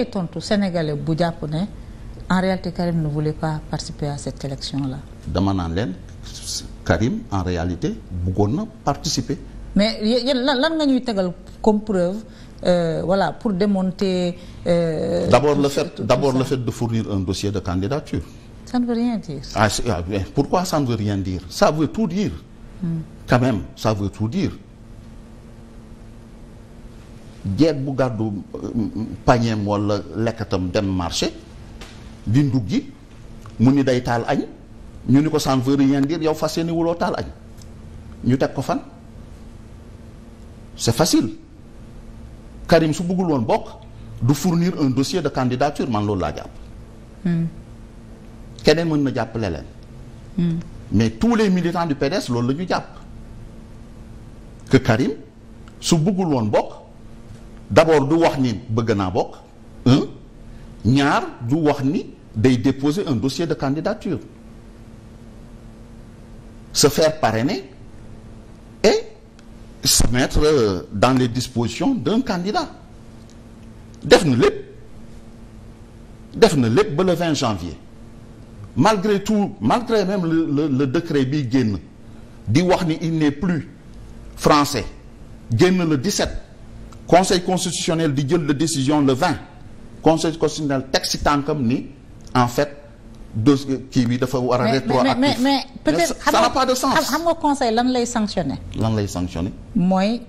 ngay tontu sénégalais bu jàpp ne en réalité Karim ne voulait pas participer à cette élection là. dama naan leen Karim en réalité bëggoon na participer. mais yéen lan lan nga ñuy tegal comme preuve euh, pour démonter. Euh, d'abord le fait d'abord le fait de fournir un dossier de candidature. ça ne veut rien dire. Ah, ah, pourquoi ça ne rien dire ça veut tout dire. Hmm. quand même tout dire. jeeg bu gàddu euh, pañeem walla lekkatam dem marché di ndug mu ni day taal añ ñu ni ko ça ne veut rien yow fas yéene wuloo taal añ ñu teg ko fan c'est facile Karim su bëggul woon bokk du fournir un dossier de candidature man loolu laa jàpp hmm. keneen mën na jàpp leneen hmm. mais tous les militants du PDS loolu la ñu jàpp que Karim su bëggul woon bokk d'abord du wax ni bëgg naa bokk un ñaar du wax ni day déposer un dossier de candidature se faire ne et se mettre euh, dans les dispositions d'un candidat def na lépp def na lépp ba le 20 janvier malgré tout malgré même le le, le décret bi génn di wax ni il n'est plus français génn la le 17 conseil constitutionnel di jël de décision le 20 conseil constitutionnel teg si tànkam ni en fait dossier kii bi dafa war a rétroactif mais mais peut-être ça n'a pas de sens xam nga conseil lan lay sanctionner lan lay sanctionner mooy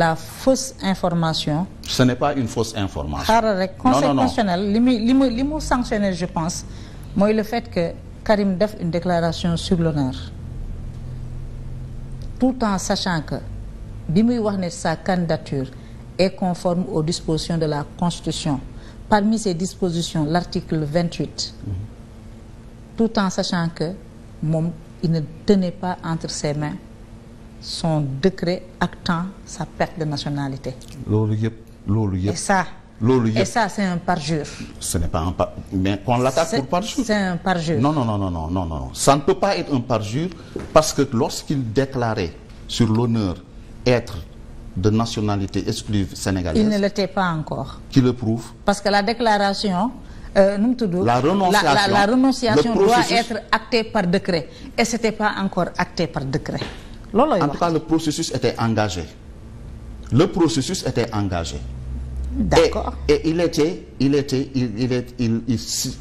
la fausse information ce n'est pas une fausse information xaaral rek conseil constitutionnel li muy li mu li mu sanctionner je pense mooy le fait que Karim def une déclaration sur l'honneur tout en sachant que bi muy wax ne sa candidature est conforme aux dispositions de la Constitution. Parmi ces dispositions, l'article 28, mmh. tout en sachant que moom il ne tenait pas entre ses mains son décret actant sa perte de nationalité. loolu yëpp loolu yëpp. et ça loolu yëpp ça c'est un parjure. ce n'est pas un par mais on l'attaque pour parjure. c'est un parjure. non non non non non parce que lorsqu'il déclarait sur l'honneur être de nationalité exclusive sénégalaise. Il ne l'était pas encore. Qui le prouve? Parce que la déclaration euh, nu mu la renonciation la, doit être actée par décret et c'était pas encore acté par décret. loolooy wax en tout le processus était engagé le processus était engagé. d'accord et, il était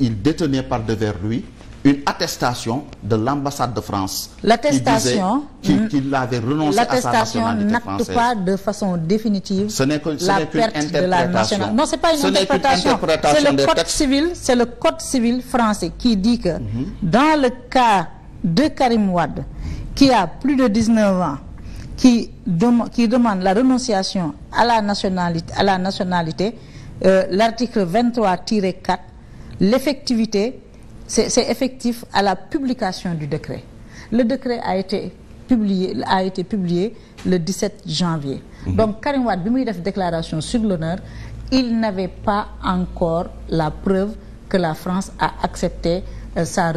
il détenait par devers lui une attestation de l'ambassade de France. L'attestation qui, hmm, qui, qui avait renoncé façon définitive ce n'est que, ce la perte qu de la nationalité. le code textes. civil, c'est le code qui mhm. dans le cas de Karim Wade, plus de 19 ans, qui, dem qui demande la renonciation la nationalité, à la nationalité, euh, l'article 23-4, l'effectivité c'est c'est effectif à la publication du décret le décret a été publié a été publié le 17 janvier mhm. donc Karim bi muy def déclaration sur l'honneur il n'avait encore la preuve que la France a accepté euh, sa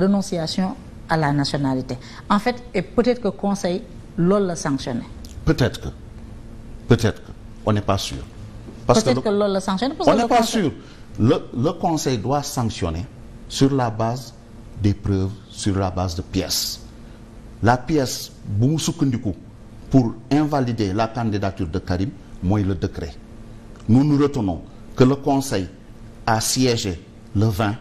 la nationalité en fait et peut-être que conseil loolu la sanctionné peut-être que peut-être que on n'est pas sûr parce conseil... sûr le sur la base des preuves sur la base de pièces la pièce bu mu sukkandiku pour invalider la candidature de Karim mooy le décret nous nous retenons que le conseil a siégé le 20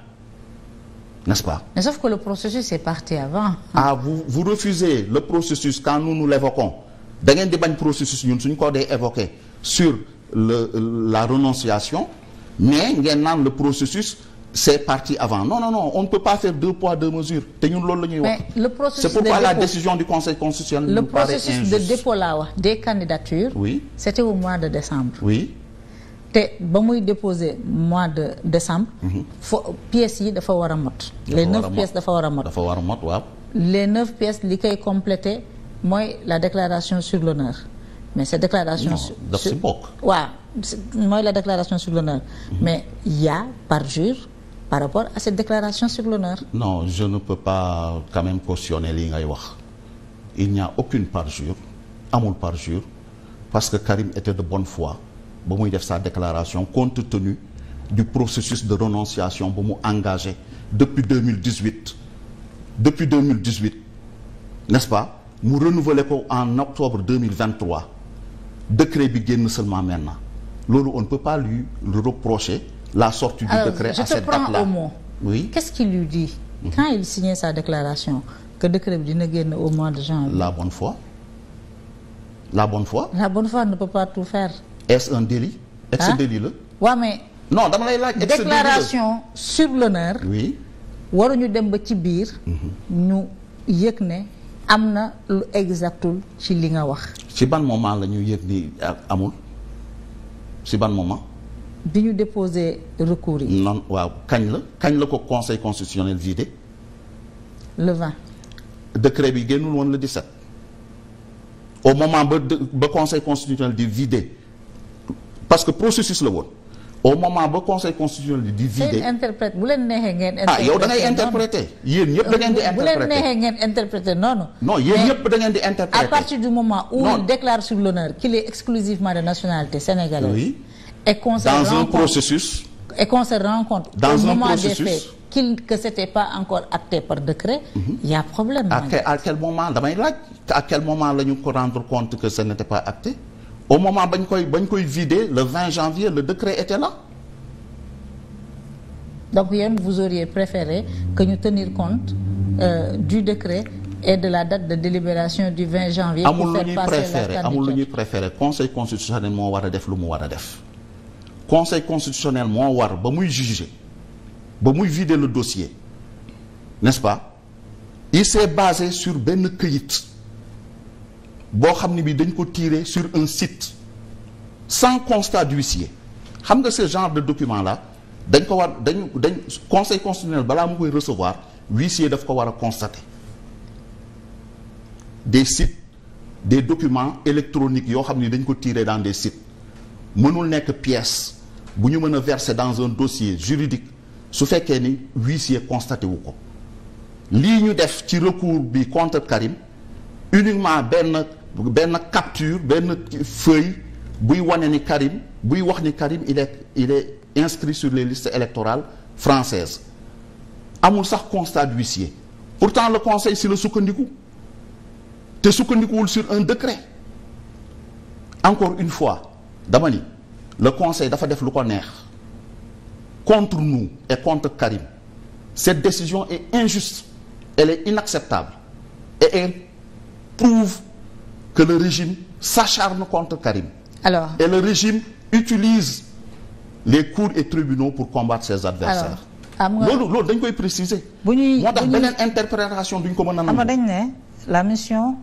n'est-ce pas. mais sauf que le processus est parti avant. ah vous vous refusez le processus quand nous nous l'évoquons da ngeen di processus ñun suñ ko dee évoqué sur le la renonciation mais ngeen naan le processus. c'est parti avant non non non on ne peut pas faire deux poids deux mesures te ñun loolu la ñuy wax. mais le processus de dépôt c'est pourquoi la de dépôt laa wax des candidatures. oui c'était mois de décembre. te ba muy déposer mois de décembre. Mhm. fo pièces yi dafa war a mot. les neuf pièces dafa war a mot. dafa war a mot waaw. les neuf pièces li koy complété mooy la déclaration sur l'honneur mais cette déclaration. sur daf si bokk. waaw mooy la déclaration sur l'honneur mhm. mais y a parjure. par rapport à cette déclaration sur l'honneur non je ne peux pas quand même cautionner lii ngay wax il n'y a aucune parjure amul parjure parce que Karim était de bonne foi ba muy def sa déclaration compte tenu du processus de renonciation ba mu engagé depuis 2018 depuis 2018 n'est-ce pas mu renouveler ko en octobre 2023 décret bi génn seulement maintenant loolu on ne peut pas lui reprocher la sortie du Alors, décret à cette date-là. Oui. Qu'est-ce qu'il lui dit mm il signait sa déclaration que décret bi dina génn au mois de janvier. La bon foi. La bonne foi. La bonne foi ne peut pas tout faire. Est-ce un délit? Est-ce délit la? waaw mais. non dama lay laaj. déclaration sur l'honneur. waruñu dem ba ci biir. Mhm. ñu yëg ne am na lu exactul ci li nga wax. ci ban moment la ñu yëg ni amul ci ban moment. bi ñu déposé recours yi. non waaw kañ la kañ la ko conseil constitutionnel vidé. le 20. décret bi génnul woon le 17. au moment ba ba conseil constitutionnel di vidé parce que processus la woon au moment ba conseil constitutionnel di vidé. seen interprète bu leen neexee ngeen. interpréter ah yow da ngay interpréter. yéen ñëpp da ngeen di interpréter euh, bu leen neexee ngeen interpréter non non. non da ngeen di interpréter. à partir du moment où non. il déclare sur l'honneur qu'il est exclusivement de nationalité sénégalaise. et qu'on se processus et qu'on se rend compte dans un que c'était pas encore acté par décret mhm. il y a problème à quel moment damay laaj à quel moment la ñu ko rendre compte que ce n'était pas acté au moment bañ koy bañ koy vider le 20 janvier le décret était là donc yéen vous auriez préféré que ñu tenir compte euh, du décret et de la date de délibération du 20 janvier amul lu ñuy préféré amul lu ñuy préféré conseil constitutionnel moo war a def lu mu war a def conseil constitutionnel moo war ba muy juger ba muy vider le dossier n'est-ce pas il s'est basé sur benn këyit boo xam ne bi dañ ko tirer sur un site sans constat d'huissier xam nga ce genre de document là dañ ko war dañ dañ conseil constitutionnel balaa mu koy recevoir huissier daf ko war a constater des sites des documents électroniques yoo xam ni dañ ko tirer dans des sites mënul nekk pièce bu ñu mën a verser dans un dossier juridique su fekkee ni huissier constaté wu ko lii ñu def ci recours bi contre Karim uniquement benn benn capture benn feuille buy wane ni Karim buy wax ni Karim il est il est inscrit sur les listes électorales française amul sax constat d'huissier pourtant le conseil si la sukkandiku te sukkandikuwul sur un décret encore une fois dama ni le conseil dafa def lu ko neex contre nous et contre Karim cette décision est injuste elle est inacceptable et elle prouve que le régime s'acharne contre Karim alors et le régime utilise les cours et tribunaux pour combattre ses adversaires loolu loolu dañ koy préciser bu ñuy moo tax beneen interprétation duñ ko mën a nangu dañ ne la mission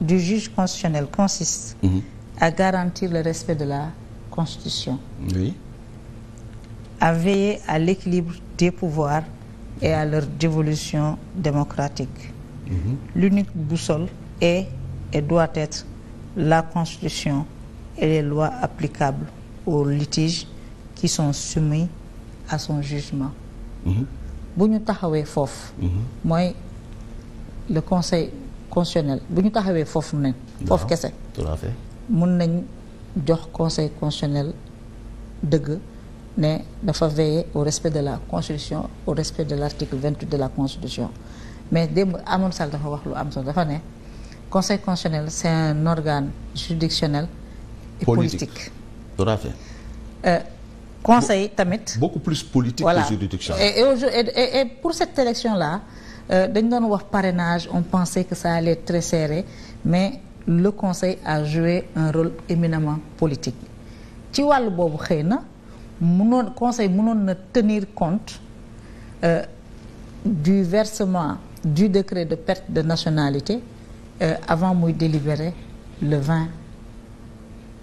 du juge constitutionnel consiste mhm. à garantir le respect de la Constitution. Oui. à veiller à l'équilibre des pouvoirs et à leur dévolution démocratique. Mm -hmm. L'unique boussole est et doit être la Constitution et les lois applicables aux litiges qui sont soumis à son jugement. Mhm. bu ñu taxawee foofu. Mhm. mooy le conseil constitutionnel bu ñu taxawee foofu nen foofu kese. tout mun nañ. jox conseil constitutionnel dëgg ne dafa veiller au respect de la constitution au respect de l'article 28 de la constitution mais démb Amadou Sall dafa wax lu am solo dafa ne conseil constitutionnel c'est un organe juridictionnel et politique, euh, conseil tamit beaucoup plus politique voilà. que juridictionnel et, et, et pour cette élection là euh, dañ doon wax parrainage on pensait que sa allait très serré mais le conseil a joué un rôle éminemment politique ci wàll boobu xëy na mënoon conseil mënoon na tenir compte euh, du versement du décret de perte de nationalité euh, avant muy délibérer le 20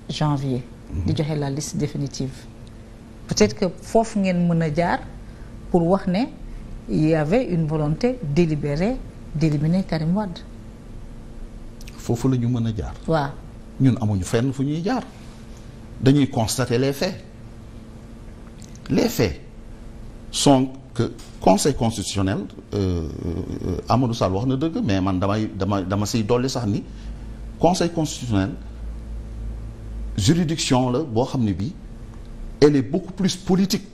janvier mhm. di joxe la liste définitive peut-être que foofu ngeen mën a jaar pour wax ne il y avait une volonté délibérée d'éliminer Karim foofu la ñu mën a jaar. waaw ñun amuñu fenn fu ñuy jaar dañuy constater les faits les fait sont que conseil constitutionnel euh, euh, Amadou Sall wax na dëgg mais man damay dama dama siy dolli sax ni conseil constitutionnel juridiction la boo xam ne bi elle est beaucoup plus politique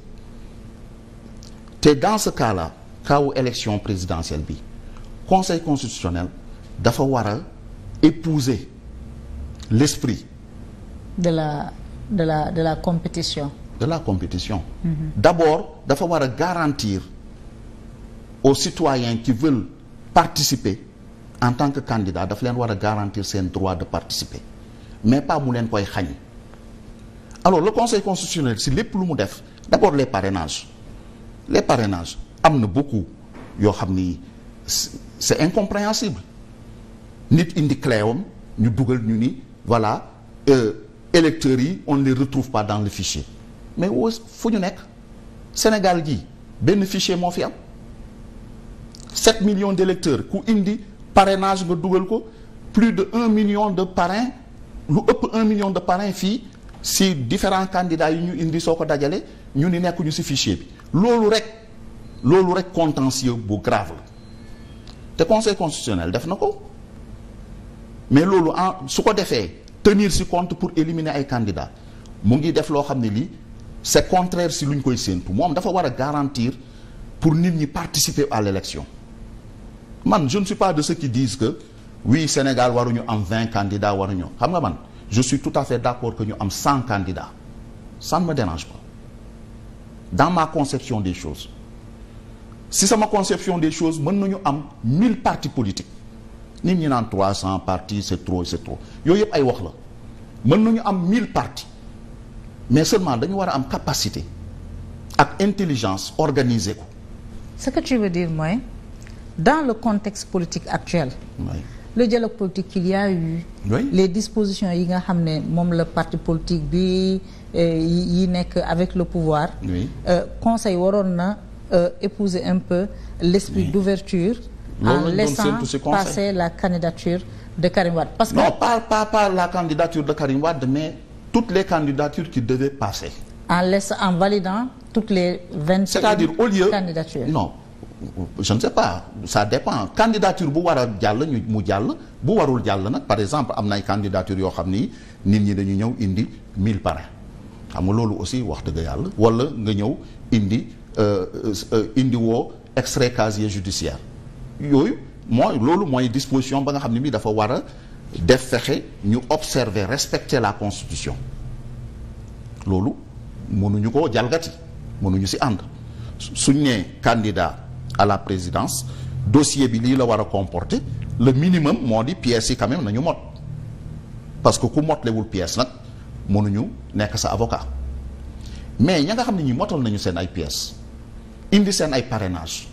te dans ce cas là cas bi conseil constitutionnel dafa war épouser l'esprit de la de la de la compétition de la compétition mm dafa war a garantir aux citoyens qui veulent participer en tant que candidat dafa leen war a garantir seen droit de participer mais pas mu leen koy xañ alors le conseil constitutionnel si lépp lu mu def d'abord les parrainages les parrainages am na beaucoup yoo xam ni c'est incompréhensible nit indi cléwam ñu dugal ñu ni voilà euh, électeurs yi on ne les retrouve pas dans le fichier mais wo fu ñu nekk Sénégal ji benn fichier moo fi am 7 millions délecteur ku indi parrainage nga dugal ko plus de un million de parrains lu ëpp un million de parrains fii si différent candidats yi ñu indi soo ko dajalee ñu ni nekkuñu si fichier bi loolu rek loolu rek contentieux bu grave la te conseil constitutionnel def na ko. mais loolu ah su ko defee tenir si compte pour éliminer ay candidats mu ngi def loo xam ne lii c'est contraire si lu ñu koy séentu moom dafa war a garantir pour nit ñi participer à l'élection man je ne suis pas de ceux qui disent que oui Sénégal waruñu am war a waruñu xam nga man je suis tout à fait d'accord que ñu am cent candidats ça ne me dérange dans ma conception des choses si sama conception des choses mën nañu am mille partis politiques nit ñi naan trois cent partis c'est trop c'est yooyu yëpp ay wax la mën nañu am mille partis mais seulement dañu war a am capacité ak intelligence organiser ko. ce que tu veux dire mooy dans le contexte politique actuel. le dialogue politique qu'il y eu. les dispositions yi nga xam ne moom la parti politique bi eh, yi nekk avec le pouvoir. Oui. Euh, conseil waroon na euh, épouser un peu l'esprit d'ouverture en laissant passer la candidature de Karim Wade. parce que non pas pas la candidature de Karim Wade mais toutes les candidatures qui devaient passer. en laissant en validant toutes les vingt. c'est-à-dire au lieu candidatures non. je ne sais pas ça dépend candidature bu war a jàll ñu mu jàll bu warul jàll nag par exemple am na ay yoo xam ni nit ñi dañu ñëw indi 1000 parrains xam nga loolu aussi wax dëgg yàlla wala nga ñëw indi euh, euh, euh, indi woo extrait casier judiciaire yooyu mooy loolu mooy disposition ba nga xam ne mii dafa war a def fexe ñu observer respecter la constitution loolu mënuñu ko jalgati mënuñu ci ànd suñ ne candidat à la présidence dossier bi lii la war a comporter le minimum moo di pièces yi quand même nañu mot parce que ku motlewul pièce nag mënuñu nekk sa avocat mais ña nga xam ne ñi motal nañu seen ay pièces indi seen ay parrainage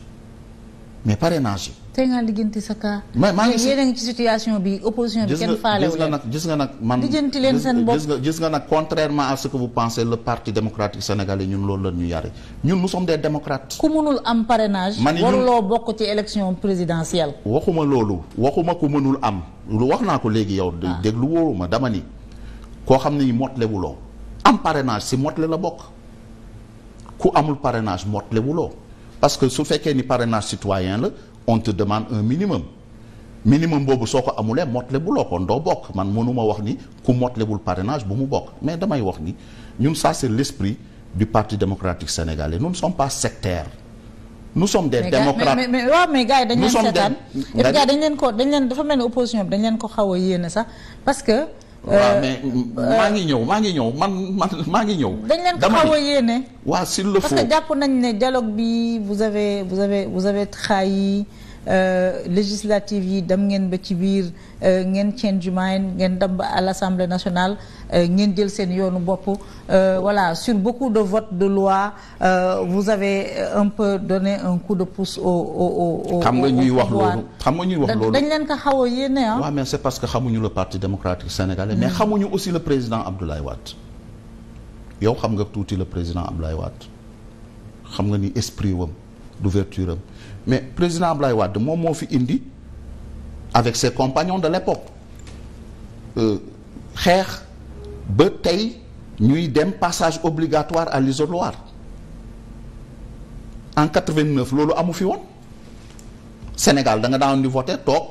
mais parrainage yi. tey ngaa lijjanti sa cas. mais maa ngi si ci situation bi opposition bi kenn faale wu leen nga nag man lijjanti leen seen bopp gis nga nag contrairement à ce que vous pensez le parti démocratique sénégalais ñun loolu la ñu yare ñun nous sommes des démocrates. ku mënul am parrainage. man waruloo bokk ci élection présidentielle. waxuma loolu. waxuma ku mënul am lu wax naa ko léegi yow. waaw ah. déglu wóoruma dama ni koo xam ne motle wuloo am parrainage si motle la bokk ku amul parrainage motle parce que su fekkee ni parrainage citoyen la on te demande un minimum minimum boobu soo ko amulee motle buloo ko doo bokk man mënuma wax ni ku motlewul parrainage bu mu bokk mais damay wax ni ñun ça c'est l'esprit du Parti démocratique sénégalais nous ne sommes pas sectaires nous sommes des démocrates mais mais waaw mais gars yi dañ leen seetaan ko dañ leen dafa mel ni opposition bi dañ leen ko xaw a yéene sax waaw euh, mais euh, maa ngi ñëw maa ngi ñëw man man maa ngi ñëw. dañ leen ko xaw a yéene. waaw s'il le faut que jàpp nañ ne dialogue bi vous avez vous avez vous avez trahi. Euh, législative yi dem ngeen ba ci biir euh, ngeen change mind ngeen dem ba à l'Assemblée nationale euh, ngeen jël seen yoonu bopp wala sur beaucoup de votes de loi vous avez un peu donné un coup de pouce xam nga ñuy wax loolu xam nga ñuy wax loolu dañ leen ko xaw a yéene ah mais c'est parce que xamuñu le parti démocratique sénégalais mais mm. xamuñu aussi le président Abdoulaye Wade yow xam nga tuuti le président Abdoulaye Wade xam nga ni esprit wam d'ouverture mais président Ablaye Wade moom moo fi indi avec ses compagnons de l'époque euh, xeex ba tey ñuy dem passage obligatoire à l'isoloir en 89 loolu amu fi woon Sénégal da nga daan di voter toog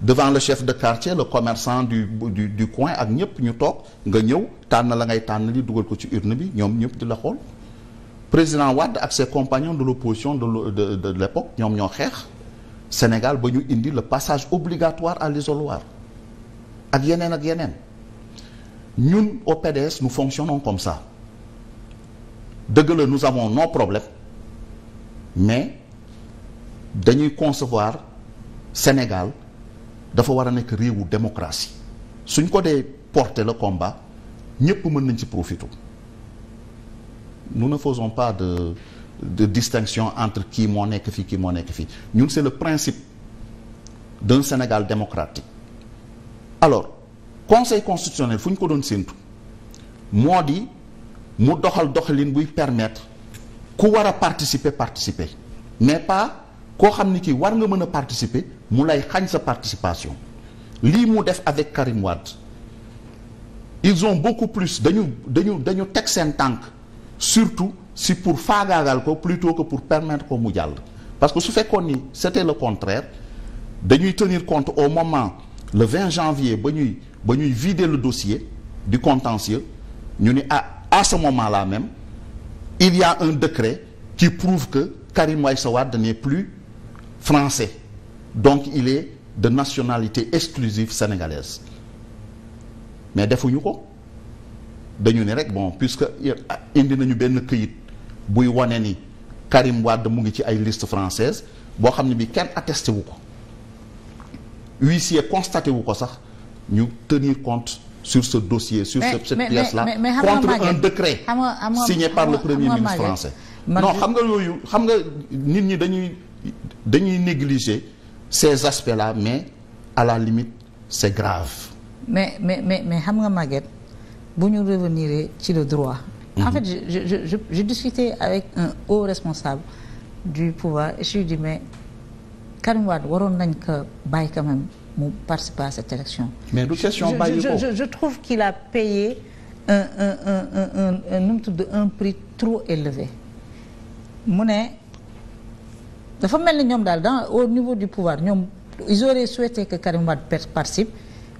devant le chef de quartier le commerçant du du du coin ak ñëpp ñu toog nga ñëw tànn la ngay tànn li dugal ko ci urne bi ñoom ñëpp di la xool. président Wade ak ses compagnons de l'opposition de de de l'époque ñoom ñoo xeex Sénégal ba ñu indi le passage obligatoire à l'isoloir ak yeneen ak yeneen ñun au PDS nous fonctionnons comme ça dëgg la nous avons nos problèmes mais dañuy concevoir Sénégal dafa war a nekk réewu démocratie suñ ko dee porter le combat ñëpp mën nañ ci profiter. nous ne faisons pas de de distinction entre kii moo nekk fii kii moo nekk fii ñun c'est le principe d'un Sénégal démocratique alors conseil constitutionnel fu ñu ko doon séntu moo di mu doxal doxalin buy permettre ku war a participer participer mais pas koo xam ni kii war nga mën a participer mu lay xañ sa participation lii mu def avec Karim Wade ils ont beaucoup plus dañu dañu dañu teg seen tànk surtout si pour faagaagal ko plutôt ko pour permettre ko mu jàll parce que su fekkoon ni c'était le contraire dañuy tenir compte au moment le 20 janvier ba ñuy ba ñuy vider le dossier du contentieux ñu ni à ah, à ce moment-là même il y a un décret qui prouve que Karim Meïssa Wade n'est plus français donc il est de nationalité exclusive sénégalaise mais defuñu ko dañu ne rek bon puisque indi nañu benn këyit buy wane ni Karim Wade mu ngi ci ay liste française boo xam ne bi kenn attesté wu ko huissier constaté wu ko sax ñu tenir compte sur ce dossier sur mais, cette mais, pièce là mais, contre un décret signé par le premier ministre français non xam nga yooyu xam nga nit ñi dañuy dañuy négliger ces aspects là mais à la limite c'est grave mais mais mais mais xam nga Maguette bu ñu revenir ci le droit. Mhm. en fait je je avec un haut responsable du pouvoir et je lui ai dit mais Karim Wade waroon nañ ko bàyyi quand mu participer à cette élection. mais du question bàyyi ko je je trouve qu'il a payé un tudd un prix trop élevé mu ne dafa mel ni ñoom daal dans au niveau du pouvoir ñoom ils auraient souhaité que Karim Wade participe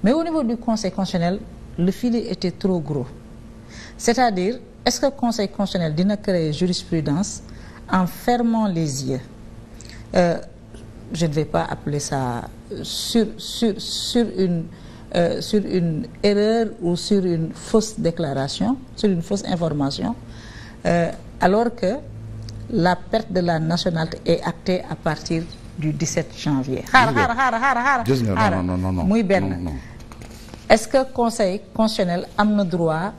mais au niveau du conseil constitutionnel. le filet était trop gros c'est-à-dire est-ce que conseil constitutionnel dina créer jurisprudence en fermant les yeux euh, je ne vais pas appeler ça sur sur une euh, sur une erreur ou sur une fausse déclaration sur une fausse information euh, alors que la perte de la nationalité est actée à partir du 17 janvier. xaar xaar xaar xaar muy benn. est-ce que conseil constitutionnel am na droit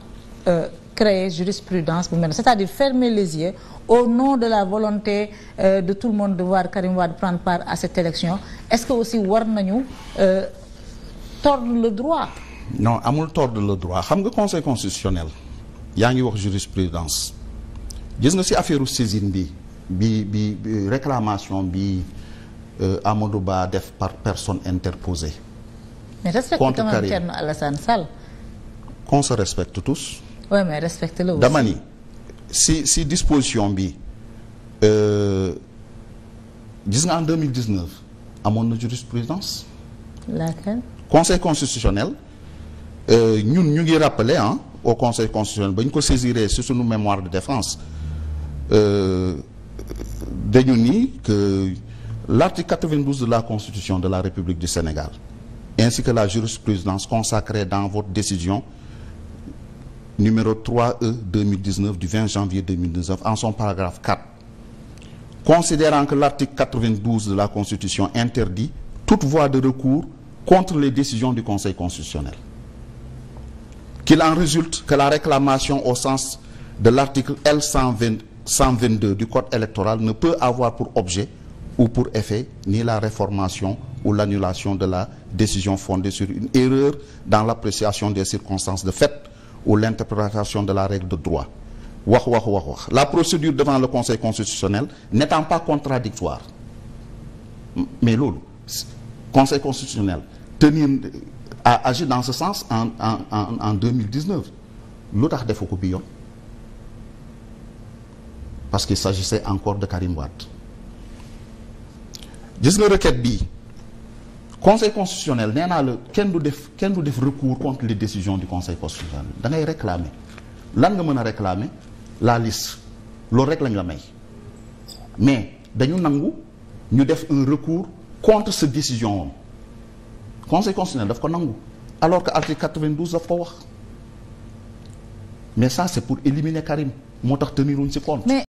euh, créer jurisprudence bu mel c'est-à-dire fermer les yeux au nom de la volonté euh, de tout le monde de voir Karim Wade prendre part à cette élection est-ce que aussi war nañu euh, tordre le droit non amul tordre le droit xam nga conseil constitutionnel yaa ngi wax jurisprudence gis nga ci affaire saisine bi bi bi réclamation bi euh, Amadou Ba def par personne interposée mais respecte quand même Sall. qu'on se respecte mais respecte-le dama si si disposition bi euh, gis nga en 2019 amoon na jurisprudence laquelle. conseil constitutionnel euh, ñun ñu ngi rappeler ah au conseil constitutionnel ba ñu ko saisiree ci suñu mémoire de défense euh, dañu ni que l'article 92 de la constitution de la république du Sénégal. ainsi que la jurisprudence consacrée dans votre décision numéro 3E 2019 du 20 janvier 2019 en son paragraphe 4. Considérant que l'article 92 de la Constitution interdit toute voie de recours contre les décisions du Conseil constitutionnel. Qu'il résulte que la réclamation au sens de l'article L122 du Code électoral ne peut pour objet pour effet ni la réformation ou l'annulation de la décision fondée sur une erreur dans l'appréciation des circonstances de fait ou l'interprétation de la règle de droit wax wax wax la procédure devant le conseil constitutionnel n'étant pas contradictoire mais loolu conseil constitutionnel tenir a agi dans ce sens en en en en 2019 lu tax defu ko bi yoon parce qu'il s'agissait encore de Karim Wade gis requête bii conseil constitutionnel nee naa la kenn du def kenn du def recours contre les décisions du conseil constitutionnel da ngay lan nga mën a réclamer la liste loolu rek lañ la may mais dañu nangu ñu def un recours contre sa décision am conseil constitutionnel daf ko nangu alors que article 92 daf ko wax mais ça c'est pour éliminer Karim moo tax teniruñ ci compte